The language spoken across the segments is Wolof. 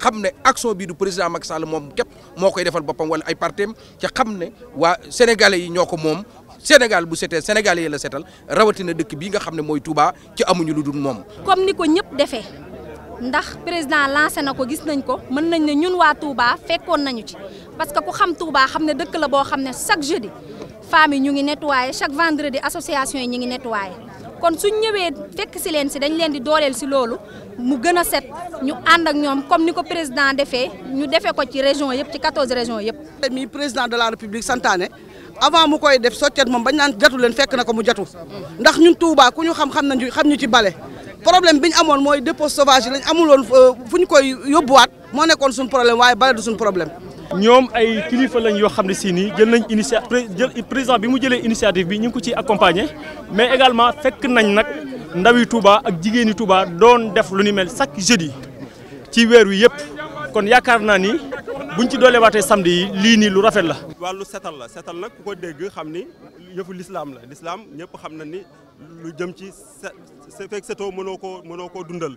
xam ne action bii du président Macky Sall moom képp moo koy defal boppam wala ay partem ca xam ne waa sénégalais yi ñoo ko moom Sénégal bu setee sénégalais yi la setal rawatina dëkk bii nga xam ne mooy Touba ci amuñu lu dul moom. comme ni ko ñëpp defee ndax président lancé na ko gis nañ ko mën nañ ne ñun waa Touba fekkoon nañu ci parce que ku xam Touba xam ne dëkk la boo xam ne chaque jeudi femmes yi ñu ngi nettoyé chaque vendredi association yi ñu ngi nettoyé kon suñ ñëwee fekk si leen si dañ leen di dooleel si loolu mu gëna a set ñu and ak ñom comme niko président défé ñu défé ko ci région yépp ci 14 régions yépp mi président de la république santané avant mu koy def soccet mom bañ naan jatu len fekk nako mu jatu ndax ñun Touba ku ñu xam xam nañu xam ñu ci balé problème biñ ñu moy dépôt sauvage lañ amul won euh, fuñ koy yóbbuwaat mo nekkoon suñu problème waye balé du suñu problème ñom ay kilifa lañ yo xam ci ni jël nañ initiative jël président bi mu jëlé initiative bi ñu ko ci accompagner mais également fekk nañ nak ndawi Touba ak jigéeni Touba doon def lu ni mel chaque jeudi ci wër wi yépp kon yaakaar naa ni buñ ci dolé waté samedi li ni lu rafet la. walu sétal la sétal nak ku ko dégg xamni yeufu l'islam la l'islam ñepp xam ni lu jëm ci se fekk setoo mënoo koo mënoo koo dundal.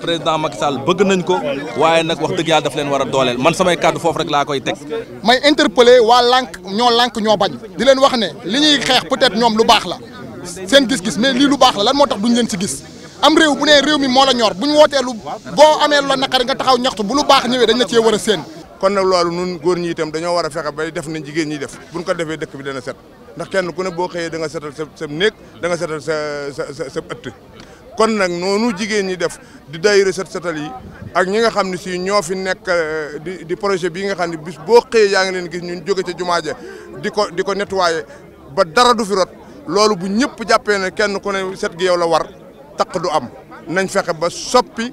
président Macky Sall bëgg nañ ko waaye nag wax dëgg yàlla daf leen war dooleel man samay kàddu foofu rek laa koy teg. may interpeller waa lànk ñoo lànk ñoo bañ di leen wax ne li ñuy xeex peut-être ñoom lu baax la seen gis-gis mais lii lu baax la lan moo tax duñ leen ci gis. am réew bu ne réew mi moo la ñor bu ñu wootee lu boo amee lu la naqari nga taxaw ñaxtu bu lu baax ñëwee dañ la cee war a séen. kon nag loolu nun góor ñi itam dañoo war a fexe bay def nañ jigéen ñi def buñ ko defee dëkk bi dana set ndax kenn ku ne boo xëyee da nga sa sa néeg da nga setal sa sa kon nak nonu jigen ñi def di daayira set setal yi ak ñi nga xamni ci ño fi nekk euh, di di projet bi nga xamni bis bo xey ya nga leen gis ñun joge ci juma ja di ko nettoyer ba dara du fi rot lolu bu ñepp jappé ne kenn ku ne set gi yow la war tak du am nañ fexé ba soppi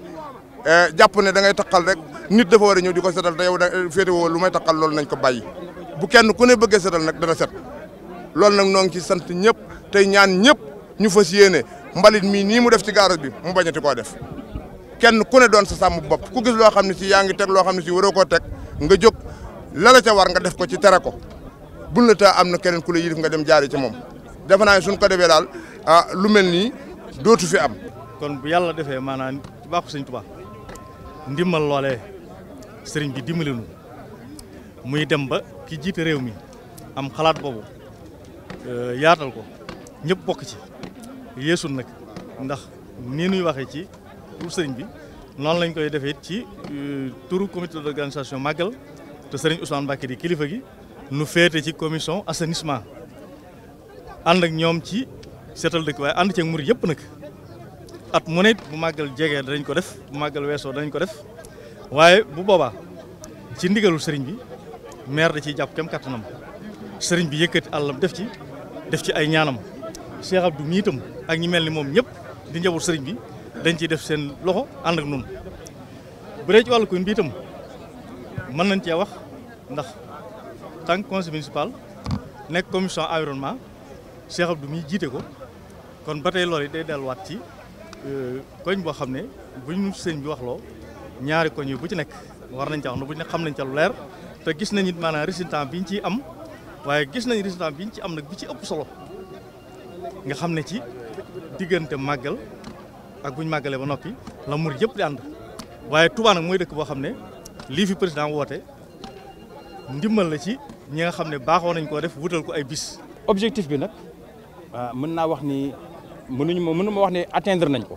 euh, japp ne da ngay takal rek nit dafa wara ñew diko di ko setal da yow fété wo lu may takal lolu nañ ko bayyi bu kenn ku ne bëgg setal nak dara set lolu nak noo ngi ci sant ñepp tay ñaan ñepp ñu fasiyene mbalit mii nii mu def ci garage bi mu bañati koo def kenn ku ne doon sa sàmm bopp ku gis loo xam ne si yaa ngi teg loo xam ne si waroo koo teg nga jóg lala ca war nga def ko ci tere ko bul la taa am na keneen ku la yilif nga dem jaari ci moom defe naa ne suñ ko defee daal ah lu mel nii dootu fi am. kon bu yàlla defee maanaan ci baaxu sëñ Tuubaa ndimbal loolee sëriñ bi dimbali nu muy dem ba ki jiite réew mi am xalaat boobu eh, yaatal ko ñëpp bokk ci. yéesu nag ndax nii nuy waxee ci tur sëriñ bi noonu lañ koy defee it ci euh, turu comité d'organisation màggal te sëriñ Ousmane Mbacké di kilifa gi nu féete ci commission assainissement ànd ak ñoom ci seetal dëkk waaye ànd ceeg mur yëpp nag at mu ne bu màggal jege danañ ko def bu màggal weesoo danañ ko def waaye bu boobaa ci ndigalu sëriñ bi maire da ciy jàpp kem kattanam sëriñ bi yëkkati àllam def ci def ci ay ñaanam Cheikh Abdou mi ak ñi melni mom ñep di ñëwul sëriñ bi dañ ci def seen loxo and ak noonu bu re ci walu commune bi man nañ ci wax ndax tank conseil municipal nek commission environnement Cheikh Abdou mi jité ko kon batay tey day dal wat ci euh, koñ bo xamné ne ñu sëriñ bi lo ñaari koñ yu bu ci nek war nañ ci wax ne bu ñu xam nañ ci lu leer te gis nañ nit manana résultat biñ ci am waye gis nañ résultat biñ ci am nak bi ci ëpp solo nga xamné ci diggante màggal ak buñ màggalee ba noppi la murid yëpp di ànd waaye Touba mooy dëkk boo xam ne lii fi président woote ndimbal la ci ñi nga xam ne baaxoo nañ koo def wutal ko ay bis. objectif bi nag ah, mën naa wax ni mënuñu ma mënu ma wax ne atteindre nañ ko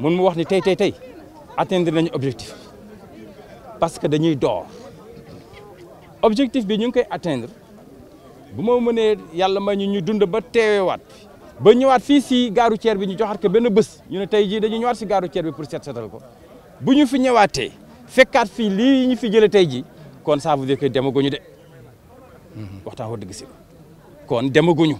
mën mu wax ni tey tey tey atteindre nañu objectif parce que dañuy door objectif bi ñu ngi koy atteindre bu ma mënee yàlla ma ñu ñu dund ba teewewaat. ba ñëwaat fi si gare routière bi ñu joxaat ko benn bës ñu ne tey jii dañu ñëwaat si gare routière bi pour set setal ko bu ñu fi ñëwaatee fekkaat fii lii ñu fi jëlee tey jii kon saa veut dire que demaguñu de waxtaan wa dëgg kon demaguñu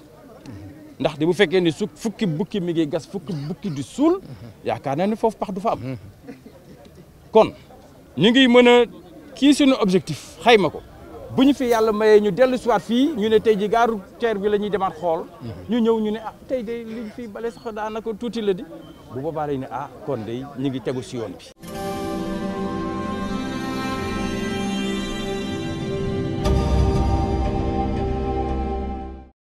ndax di bu fekkee ni su fukki bukki mi ngi gas fukki bukki di suul yaakaar naa ne foofu pax du fa am kon ñu ngi mën a kii suñu objectif xayma ko bu ñu fi yàlla mayee ñu dellu si waat fii ñu ne tey ji gaaru teer bi la ñuy demaat xool. Mhm. ñu ñëw ñu ne ah tey de liñ fi bale sax daanaka tuuti la di. bu boobaa dañu ne ah kon de ñu ngi tegu si yoon bi.